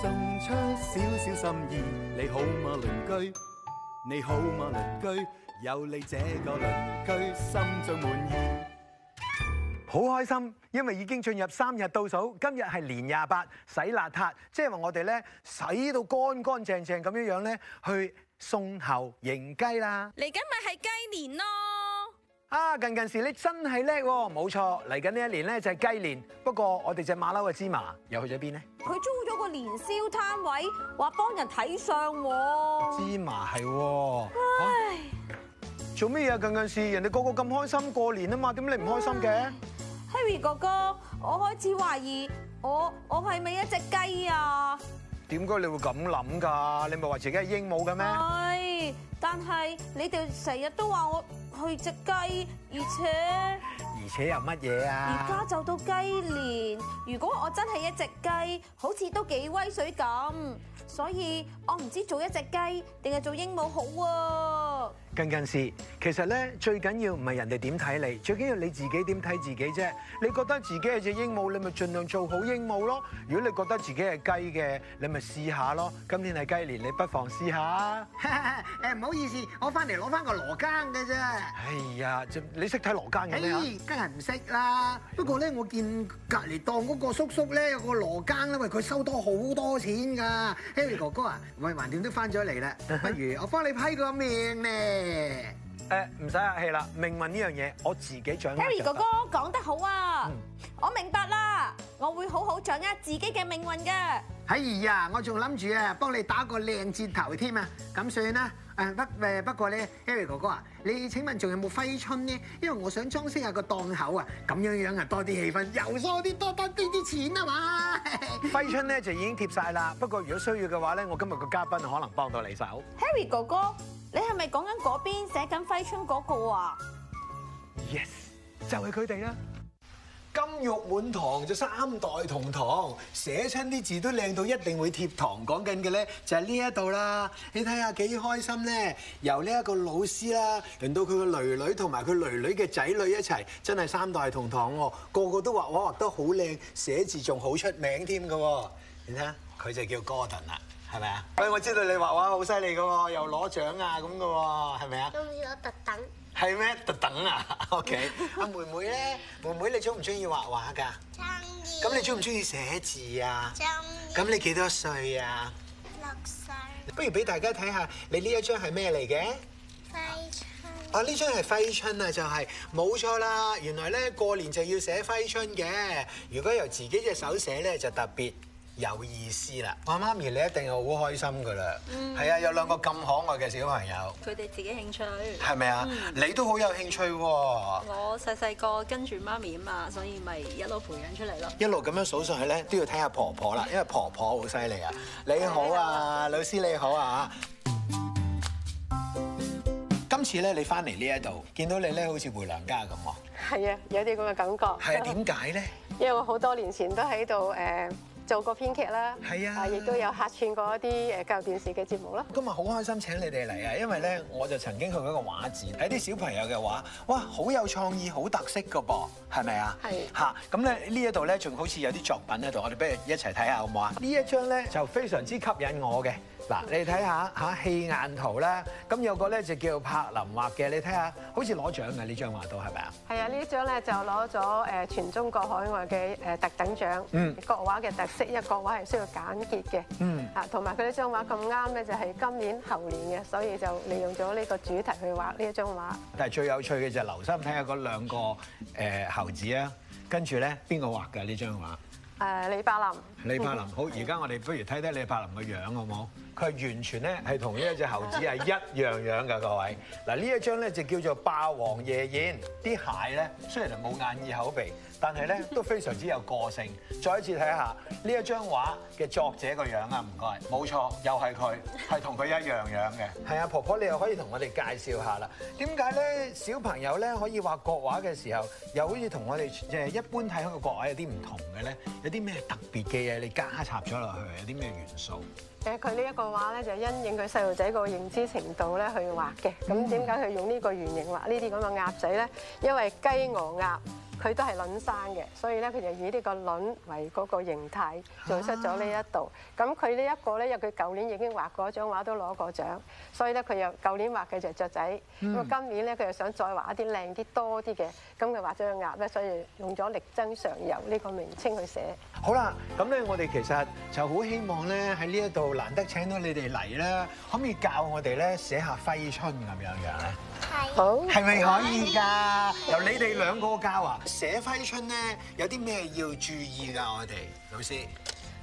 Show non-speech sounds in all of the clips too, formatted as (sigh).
送出少少心意，你好嗎鄰居？你好嗎鄰居？有你這個鄰居，心中滿意，好開心。因為已經進入三日倒數，今日係年廿八洗邋遢，即係話我哋咧洗到乾乾淨淨咁樣樣咧，去送猴迎雞啦。嚟緊咪係雞年咯！啊，近近時你真係叻喎，冇錯，嚟緊呢一年咧就係雞年，不過我哋隻馬騮嘅芝麻又去咗邊咧？佢租咗個年宵攤位，話幫人睇相喎、哦。芝麻係，哦、唉，做咩啊？近近時人哋個個咁開心過年啊嘛，點解你唔開心嘅？Harry 哥哥，我開始懷疑我我係咪一隻雞啊？點解你會咁諗㗎？你咪係話自己係鸚鵡嘅咩？係，但係你哋成日都話我去隻雞，而且而且又乜嘢啊？而家就到雞年，如果我真係一隻雞，好似都幾威水咁，所以我唔知做一隻雞定係做鸚鵡好喎、啊。近近事，其實咧，最緊要唔係人哋點睇你，最緊要是你自己點睇自己啫。你覺得自己係隻鸚鵡，你咪盡量做好鸚鵡咯。如果你覺得自己係雞嘅，你咪試下咯。今天係雞年，你不妨試下誒，唔 (laughs) 好意思，我翻嚟攞翻個羅庚嘅啫。哎呀，你識睇羅庚嘅咩？梗係唔識啦。不，的不過咧，我見隔籬檔嗰個叔叔咧有個羅庚因喂，佢收多好多錢噶。Harry (laughs) 哥哥啊，喂，橫掂都翻咗嚟啦，不如我幫你批個命咧。誒，唔使客氣啦，命運呢樣嘢我自己掌握。Harry 哥哥講得好啊，我明白啦，我會好好掌握自己嘅命運嘅。喺兒啊，我仲諗住啊，幫你打個靚折頭添啊，咁算啦。誒不，誒，不過咧，Harry 哥哥啊，你請問仲有冇揮春咧？因為我想裝飾下個檔口啊，咁樣樣啊，多啲氣氛，又多啲，多得啲啲錢啊嘛。揮春咧就已經貼晒啦，不過如果需要嘅話咧，我今日個嘉賓可能幫到你手。Harry 哥哥。你係咪講緊嗰邊寫緊揮春嗰個啊？Yes，就係佢哋啦。金玉滿堂就三代同堂，寫親啲字都靚到一定會貼堂。講緊嘅咧就係呢一度啦。你睇下幾開心咧？由呢一個老師啦，輪到佢個囡囡同埋佢囡囡嘅仔女一齊，真係三代同堂喎。個個都畫畫畫得好靚，寫字仲好出名添嘅。你睇下，佢就叫 Gordon 啦。係咪啊？喂，我知道你畫畫好犀利噶喎，又攞獎啊咁噶喎，係咪啊？中意攞特等。係咩？特等啊？OK。阿妹妹咧，妹妹你中唔中意畫畫㗎？中意。咁你中唔中意寫字啊？中意。咁你幾多歲啊？六歲。不如俾大家睇下，你呢一張係咩嚟嘅？揮春。啊，呢張係揮春啊，就係冇錯啦。原來咧過年就要寫揮春嘅，如果由自己隻手寫咧就特別。有意思啦，我媽咪你一定係好開心噶啦，係啊，有兩個咁可愛嘅小朋友，佢哋自己興趣喺度，係咪啊？你都好有興趣喎。我細細個跟住媽咪啊嘛，所以咪一路培養出嚟咯。一路咁樣數上去咧，都要睇下婆婆啦，因為婆婆好犀利啊！你好啊，吧老師你好啊。今次咧你翻嚟呢一度，見到你咧好似回娘家咁喎。係啊，有啲咁嘅感覺。係啊，點解咧？因為我好多年前都喺度誒。呃做過編劇啦，係啊，亦都有客串過一啲教育電視嘅節目啦。今日好開心請你哋嚟啊，因為咧我就曾經去過一個畫展，睇啲小朋友嘅畫，哇，好有創意，好特色嘅噃，係咪啊？係吓，咁咧呢一度咧仲好似有啲作品喺度，我哋不如一齊睇下好唔好啊？呢一張咧就非常之吸引我嘅。嗱，你睇下嚇，氣眼圖咧，咁有個咧就叫柏林畫嘅。你睇下，好似攞獎嘅呢張畫都，係咪啊？係啊，呢張咧就攞咗誒全中國海外嘅誒特等獎。嗯。國畫嘅特色，因為國畫係需要簡潔嘅。嗯。嚇，同埋佢呢張畫咁啱咧，就係今年猴年嘅，所以就利用咗呢個主題去畫呢一張畫。但係最有趣嘅就係留心睇下嗰兩個誒猴子啊，跟住咧邊個畫嘅呢張畫？誒，李柏林。李柏林，好，而家我哋不如睇睇李柏林嘅樣好唔好？佢完全咧係同呢一隻猴子係一樣樣㗎，各位，嗱，呢一張咧就叫做《霸王夜宴》。啲蟹咧雖然就冇眼耳口鼻，但係咧都非常之有個性。再一次睇下呢一張畫嘅作者個樣啊！唔該，冇錯，又係佢係同佢一樣樣嘅。係啊，婆婆你又可以同我哋介紹下啦。點解咧小朋友咧可以畫國畫嘅時候，又好似同我哋誒一般睇開嘅國畫有啲唔同嘅咧？有啲咩特別嘅嘢你加插咗落去？有啲咩元素？誒佢呢一個畫咧，就因應佢細路仔個認知程度咧去畫嘅。咁點解佢用呢個圓形畫呢啲咁嘅鴨仔咧？因為雞鵝鴨。佢都係卵生嘅，所以咧佢就以呢個卵為嗰個形態，做出咗呢一度。咁佢呢一個咧，因為佢舊年已經畫過一張畫都攞過獎，所以咧佢又舊年畫嘅隻雀仔。咁啊，今年咧佢又想再畫一啲靚啲多啲嘅，咁佢畫咗隻鴨咧，所以用咗力爭上游呢個名稱去寫。好啦，咁咧我哋其實就好希望咧喺呢一度難得請到你哋嚟啦，可唔可以教我哋咧寫下揮春咁樣樣咧？係，是好，係咪可以噶？的的的由你哋兩個教啊，寫揮春咧，有啲咩要注意噶？我哋老師。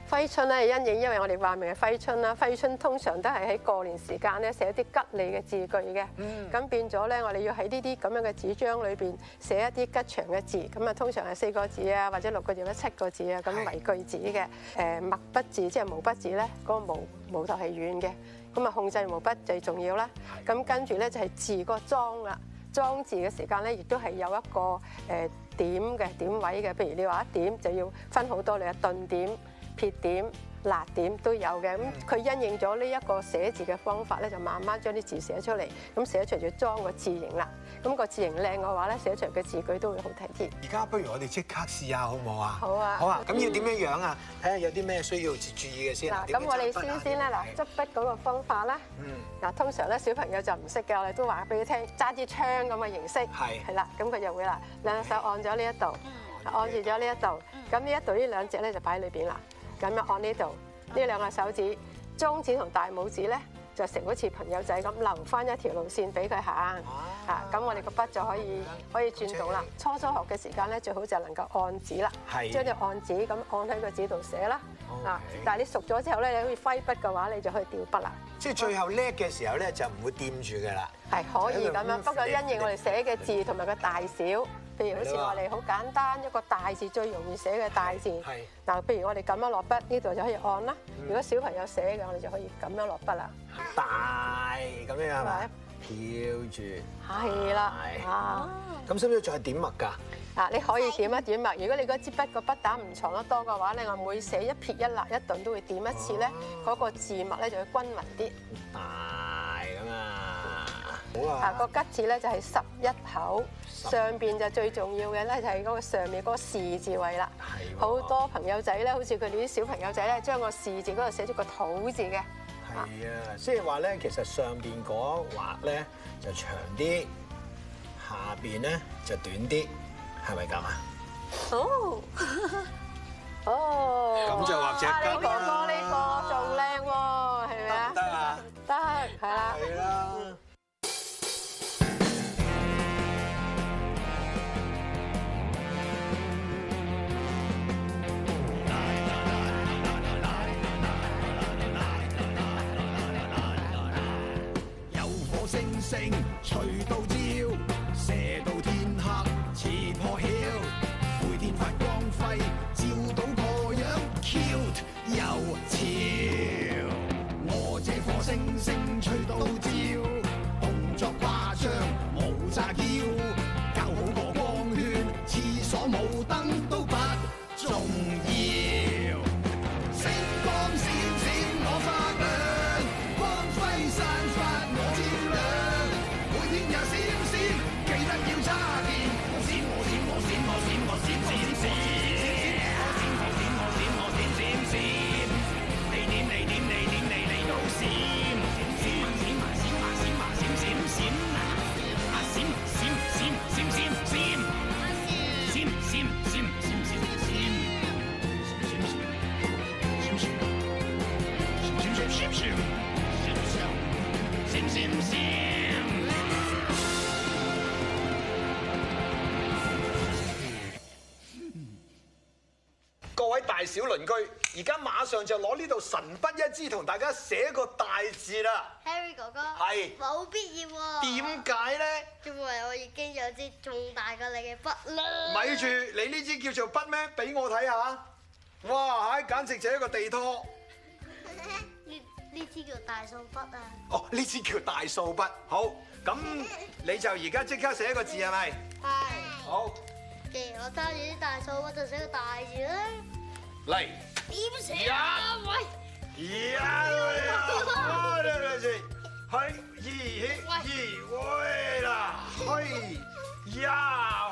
揮春咧，因應因為我哋話明係揮春啦。揮春通常都係喺過年時間咧，寫一啲吉利嘅字句嘅。咁、嗯、變咗咧，我哋要喺呢啲咁樣嘅紙張裏邊寫一啲吉祥嘅字。咁啊，通常係四個字啊，或者六個字或者七個字啊，咁嚟句子嘅。誒墨是、呃、筆字即係毛筆字咧，嗰、那個毛毛頭係軟嘅，咁啊控制毛筆最重要啦。咁跟住咧就係字個裝啦，裝字嘅時間咧亦都係有一個誒、呃、點嘅點位嘅。譬如你話一點就要分好多，你嘅頓點。撇點、捺點都有嘅，咁佢因應咗呢一個寫字嘅方法咧，就慢慢將啲字寫出嚟，咁寫出咗裝個字形啦。咁個字形靚嘅話咧，寫出嚟嘅字句都會好睇啲。而家不如我哋即刻試下好唔好啊？好啊！好啊！咁要點樣樣啊？睇下有啲咩需要注意嘅先。嗱，咁我哋先先咧，嗱，執筆嗰個方法咧，嗯，嗱，通常咧小朋友就唔識嘅，我哋都話俾佢聽，揸支槍咁嘅形式，係，係啦，咁佢就會啦，兩手按咗呢一度，按住咗呢一度，咁呢一度呢兩隻咧就擺喺裏邊啦。咁樣按呢度，呢兩個手指，中指同大拇指咧，就成好似朋友仔咁留翻一條路線俾佢行。啊，咁我哋個筆就可以可以轉到啦。就是，初初學嘅時間咧，最好就能夠按指啦，是的 將隻按指咁按喺個指度寫啦。啊，好的 但係你熟咗之後咧，你好似揮筆嘅話，你就可以掉筆啦。即係最後叻嘅時候咧，就唔會掂住㗎啦。係可以咁樣，不過因應我哋寫嘅字同埋個大小。譬如好似我哋好簡單一個大字，最容易寫嘅大字，嗱，譬如我哋咁樣落筆，呢度就可以按啦。嗯、如果小朋友寫嘅，我哋就可以咁樣落筆啦吧。大咁樣係咪？飄住。係啦。啊。咁使唔使再係點墨㗎？嗱，你可以點一點墨。如果你嗰支筆個筆膽唔藏得多嘅話咧，我每寫一撇一捺一頓都會點一次咧，嗰、啊、個字墨咧就會均勻啲。啊啊，個吉字咧就係十一口，上邊就最重要嘅咧就係嗰個上面嗰個士字位啦。係。好多朋友仔咧，好似佢哋啲小朋友仔咧，將個士字嗰度寫咗個土字嘅。係啊，即係話咧，其實上邊嗰畫咧就長啲，下邊咧就短啲，係咪咁啊？好。哦。咁就或者哥哥呢個仲靚喎，係咪啊？得啊，得，係啦。係啦。就攞呢度神筆一支同大家寫一個大字啦，Harry 哥哥，係冇是必要喎、啊。點解咧？因為我已經有支仲大過你嘅筆啦。咪住，你呢支叫做筆咩？俾我睇下。哇，唉，簡直就一個地拖。 (laughs) 呢呢支叫大掃筆啊。哦，呢支叫大掃筆。好，咁你就而家即刻寫一寫一個字係咪？係。好。既然我揸住啲大掃，我就寫個大字啦。嚟。依部呀喂，呀喂，啦、啊，係呀，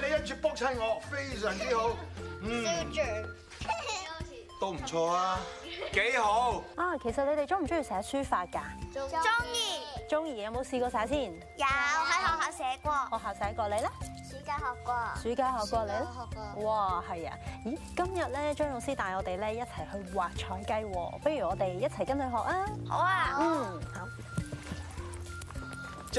你一住卜親我，非常之好， (laughs) 好。嗯，都唔錯啊，幾好啊，其實你哋中唔中意寫書法噶？中意做 Anyone.。中二有冇試過晒先？有喺學校寫過。學校寫過你咧？暑假學過。暑假學過你咧？學過。學過。哇，係啊！咦，今日咧張老師帶我哋咧一齊去畫彩雞，哦，不如我哋一齊跟佢學啊！好啊，嗯，好。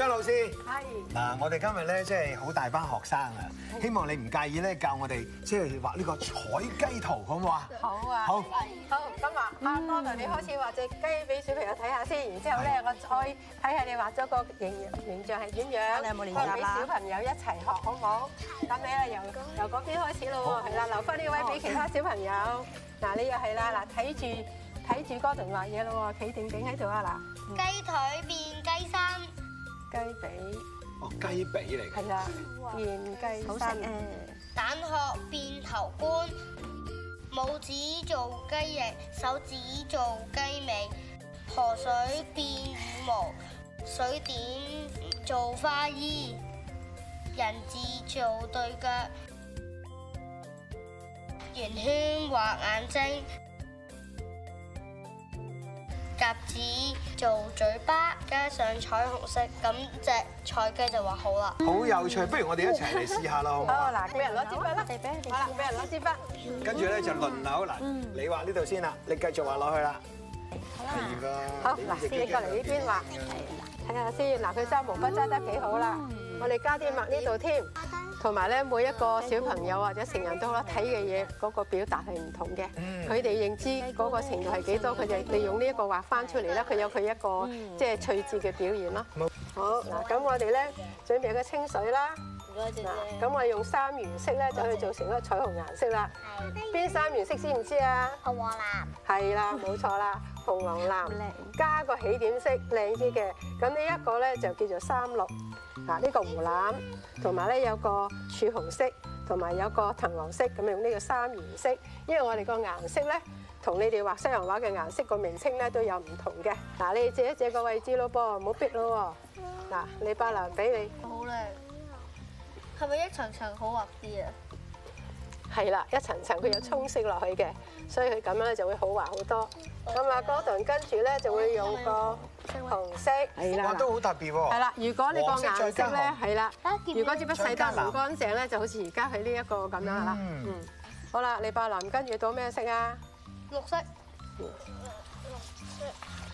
張老師，係嗱，我哋今日咧即係好大班學生啊，希望你唔介意咧教我哋即係畫呢個彩雞圖，好唔好啊？好啊，好。是好咁啊，阿哥頓、嗯、你開始畫隻雞俾小朋友睇下先，然之後咧我再睇下你畫咗個形形象係點樣，幫俾有冇小朋友一齊學，好唔好？得未啊？由由嗰邊開始咯喎，係啦好，留翻呢位俾其他小朋友。嗱、哦，呢又係啦，嗱好，睇住睇住哥頓畫嘢咯喎，企定定喺度啊嗱，雞腿變雞身。雞髀，哦，雞髀嚟嘅，變雞身，蛋殼變頭冠，拇指做雞翼，手指做雞尾，河水變羽毛，水點做花衣，人字做對腳，圓圈畫眼睛。夾子做嘴巴，加上彩虹色，咁隻菜雞就畫好啦。好有趣，不如我哋一齊嚟試下啦，好唔好？俾人攞支筆啦，係啦一下，俾人攞支筆。跟住咧就輪流嗱，你畫呢度先啦，你繼續畫落去啦。好、啊、第二個，好，你試試過嚟呢邊畫，睇下先。嗱，佢揸毛筆揸得幾好啦，我哋加啲墨呢度添。同埋咧，每一個小朋友或者成人都好啦，睇嘅嘢嗰個表達係唔同嘅。佢哋、嗯、認知嗰個程度係幾多少，佢、嗯、就利用呢一個畫翻出嚟啦。佢有佢一個即係趣緻嘅表現咯。嗯、好，嗱咁我哋咧準備一個清水啦。嗱，咁我哋用三原色咧，就可以做成個彩虹顏色啦。係邊三原色先，唔知啊？紅黃藍。係啦美，冇錯啦，紅黃藍加個起點色，靚啲嘅。咁呢一個咧就叫做三綠。嗱，呢個湖藍，同埋咧有個曙紅色，同埋有，有個藤黃色，咁用呢個三原色。因為我哋個顏色咧，同你哋畫西洋畫嘅顏色個名稱咧都有唔同嘅。嗱，你借一借個位置咯噃，唔好逼咯。嗱，你伯南俾你，好靚。係咪一層層好滑啲啊？係啦，一層層佢有沖色落去嘅，所以佢咁樣咧就會好滑好多。咁啊、嗯，戈登跟住咧就會用個紅色，的對了哇都好特別喎。係啦，如果你個顏色咧係啦，了如果支筆是洗得唔乾淨咧，就好似而家佢呢一個咁樣啦。嗯，嗯。好啦，你白藍跟住到咩色啊？綠色。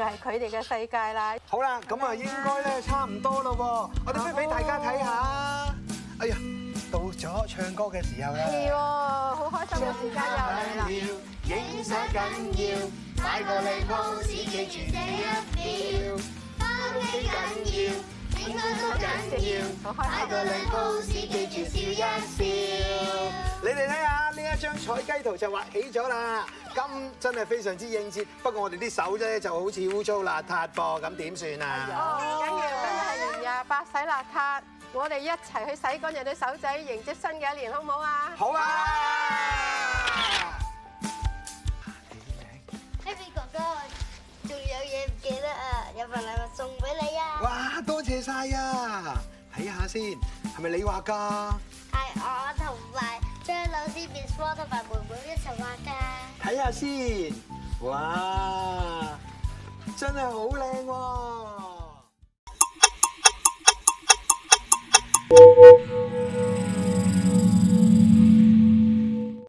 就係佢哋嘅世界啦。好啦，咁啊應該咧差唔多咯喎，我哋出俾大家睇下。哎呀，到咗唱歌嘅時候啦。係喎，好開心嘅時間又嚟啦。應該都緊要，開打個領口先，記住笑一笑。你哋睇下呢一張彩雞圖就畫起咗啦，咁真係非常之應節。不過我哋啲手咧就好似污糟邋遢噃，咁點算啊？緊要都係唔呀，廿八洗邋遢，我哋一齊去洗乾淨啲手仔，迎接新嘅一年，好唔好啊？好啊！睇下先，係咪你畫噶係我同埋張老師 Miss Fun 同埋妹妹一齊畫噶睇下先，哇，真係好靚喎！